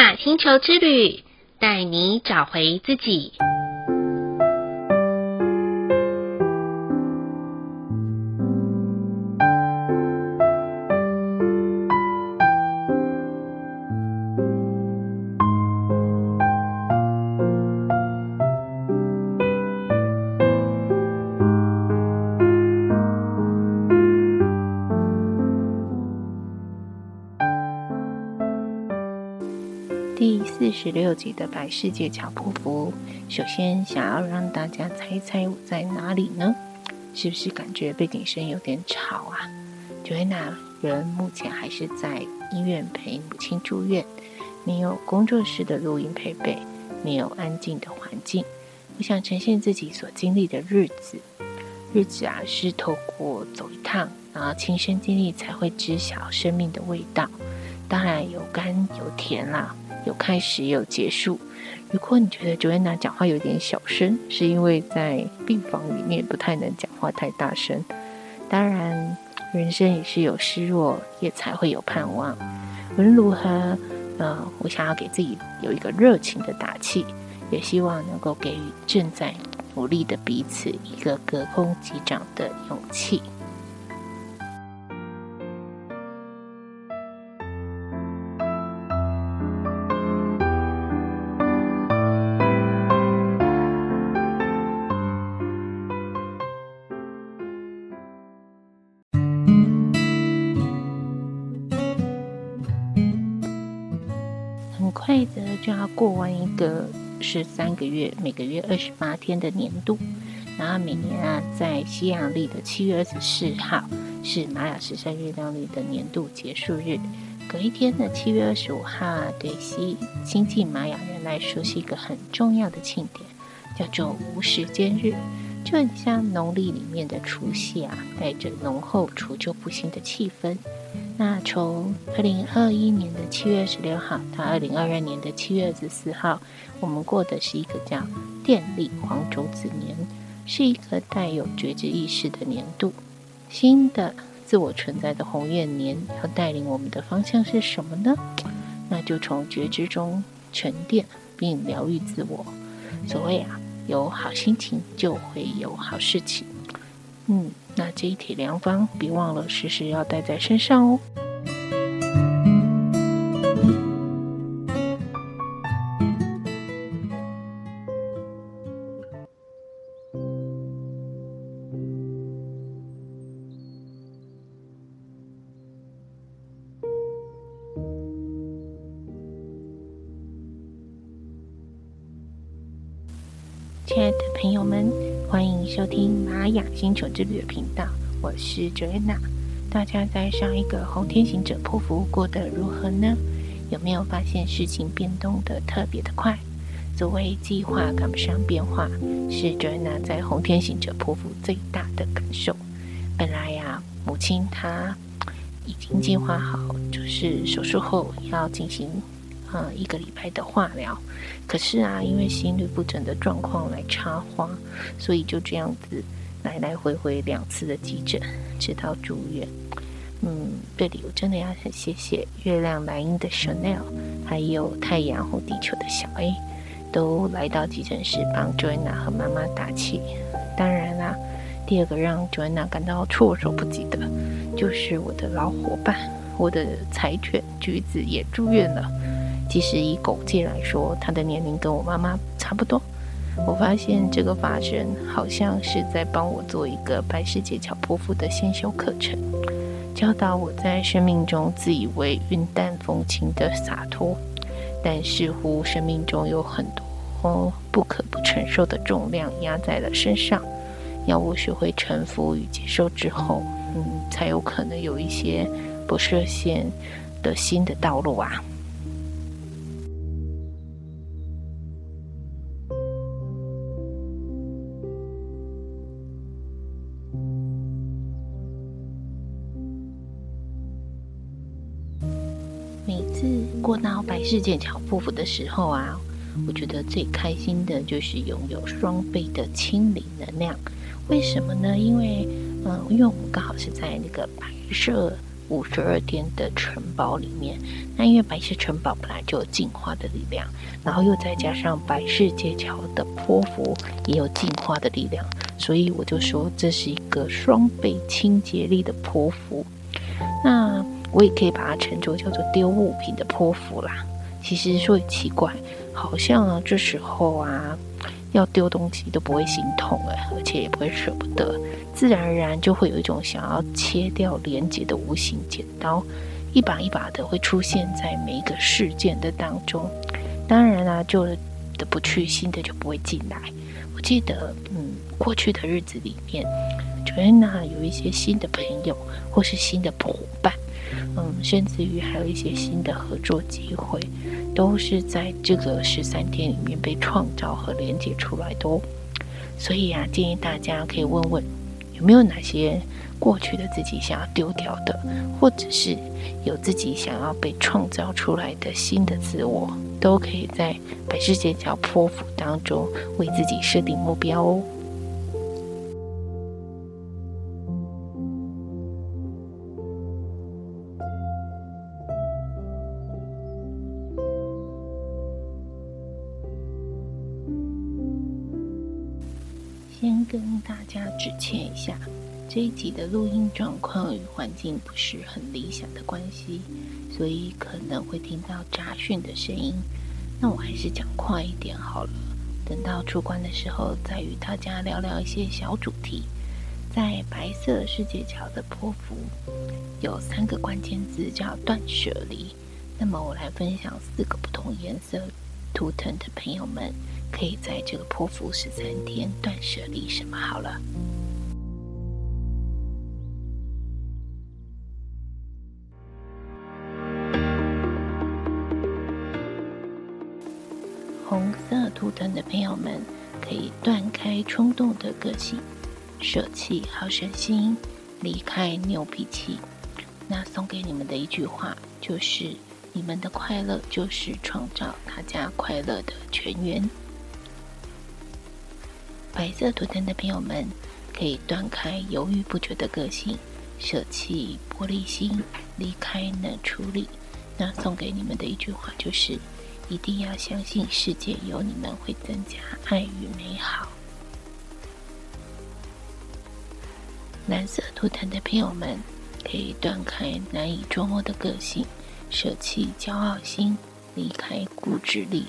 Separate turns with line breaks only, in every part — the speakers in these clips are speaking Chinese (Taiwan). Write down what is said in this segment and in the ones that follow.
《馬雅星球之旅》，帶你找回自己。第四十六集的《白世界橋波符》，首先想要讓大家猜一猜我在哪裡呢？是不是感覺背景聲有點吵啊？Joanna 人目前還是在醫院陪母親住院，沒有工作室的錄音配備，沒有安靜的環境。我想呈現自己所經歷的日子，日子啊是透過走一趟然後親身經歷才會知曉生命的味道，當然有甘有甜啦、啊。有開始，也有結束。如果你覺得 Joanna 講話有點小聲，是因為在病房裡面不太能講話太大聲。當然，人生也是有失落，也才會有盼望。無論如何，呃，我想要給自己有一個熱情的打氣，也希望能夠給予正在努力的彼此一個隔空擊掌的勇氣。再則就要過完一個十三個月，每個月二十八天的年度，然後每年啊，在西洋曆的七月二十四號是瑪雅十三月亮曆的年度結束日，隔一天的七月二十五號對星際瑪雅人來說是一個很重要的慶典，叫做無時間日，就很像農曆裡面的除夕啊，帶着濃厚除舊布新的氣氛。那從二零二一年的七月二十六號到二零二二年的七月二十四號，我們過的是一個叫電力黃種子年，是一個帶有覺知意識的年度。新的自我存在的紅月年，要帶領我們的方向是什麼呢？那就從覺知中沉澱並療癒自我。所謂啊，有好心情就會有好事情。嗯。那這一帖良方，別忘了時時要帶在身上哦。親愛的朋友們。歡迎收聽瑪雅星球之旅的頻道，我是 Joanna、er。大家在上一個《紅天行者波符》過得如何呢？有沒有發現事情變動得特別的快？所謂計劃趕不上變化，是 Joanna、er、在《紅天行者波符》最大的感受。本來呀、啊，母親她已經計劃好，就是手術後要進行。嗯，一個禮拜的化療，可是啊，因為心律不整的狀況來插花，所以就這樣子來來回回兩次的急診，直到住院。嗯，這裡我真的要很謝謝月亮藍鷹的 Chanel，還有太陽紅地球的小 A，都來到急診室幫 Joanna 和媽媽打氣。當然啦，第二個讓 Joanna 感到措手不及的，就是我的老夥伴，我的柴犬橘子也住院了。嗯其實以狗界來說，它的年齡跟我媽媽差不多。我發現這個發生好像是在幫我做一個白世界橋波符的先修課程，教導我在生命中自以為雲淡風輕的灑脫，但似乎生命中有很多不可不承受的重量壓在了身上，要我學會臣服與接受之後，嗯，才有可能有一些不設限的新的道路啊。過到白世界橋波符的時候啊，我覺得最開心的就是擁有雙倍的清理能量。為什麼呢？因為，嗯，因為我們剛好是在那個白色五十二天的城堡裡面。那因為白色城堡本來就有淨化的力量，然後又再加上白世界橋的波符也有淨化的力量，所以我就說這是一個雙倍清潔力的波符。那。我也可以把它稱作叫做丟物品的波符啦。其實說也奇怪，好像、呢、這時候啊，要丟東西都不會心痛哎，而且也不會捨不得，自然而然就會有一種想要切掉連接的無形剪刀，一把一把的會出現在每一個事件的當中。當然啦、啊，舊的不去，新的就不會進來。我記得，嗯，過去的日子裡面，覺得呢有一些新的朋友或是新的夥伴。嗯，甚至於還有一些新的合作機會，都是在這個十三天裡面被創造和連接出來的哦。所以啊，建議大家可以問問，有沒有哪些過去的自己想要丟掉的，或者是有自己想要被創造出來的新的自我，都可以在白世界橋波符當中為自己設定目標哦。先跟大家致歉一下，這一集的錄音狀況與環境不是很理想的關係，所以可能會聽到雜訊的聲音。那我還是講快一點好了，等到出關的時候再與大家聊聊一些小主題。在白色世界橋的波符有三個關鍵字叫斷捨離，那麼我來分享四個不同顏色圖騰的朋友們可以在這個波符十三天斷舍離什麼好了。紅色圖騰的朋友們可以斷開衝動的個性，捨棄好勝心，離開牛脾氣。那送給你們的一句話就是。你們的快樂就是創造大家快樂的泉源。白色圖騰的朋友們可以斷開猶豫不決的個性，捨棄玻璃心，離開冷處理。那送給你們的一句話就是：一定要相信世界有你們會增加愛與美好。藍色圖騰的朋友們可以斷開難以捉摸的個性。捨棄驕傲心，離開固執力，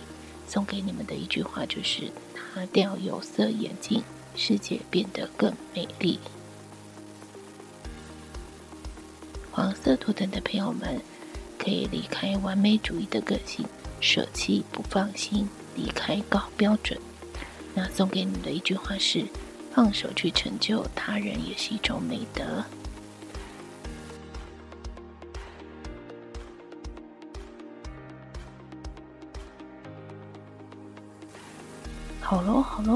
送給你們的一句話就是：擦掉有色眼鏡，世界變得更美麗。黃色圖騰的朋友們，可以離開完美主義的個性，捨棄不放心，離開高標準。那送給你們的一句話是：放手去成就他人，也是一種美德。好嘍，好嘍，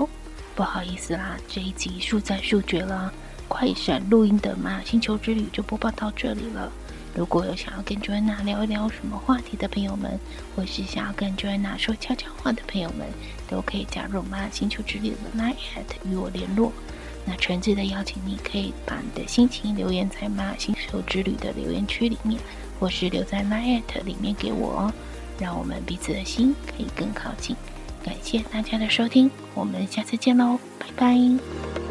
不好意思啦、啊，這一集速戰速決了，快閃錄音的馬雅星球之旅就播報到這裡了。如果有想要跟 Joanna 聊一聊什麼話題的朋友們，或是想要跟 Joanna 說悄悄話的朋友們，都可以加入馬雅星球之旅的 LINE@ 與我聯絡。那誠摯的邀請，你可以把你的心情留言在馬雅星球之旅的留言區裡面，或是留在 LINE@ 裡面給我哦，讓我們彼此的心可以更靠近。感謝大家的收聽，我們下次見嘍，拜拜。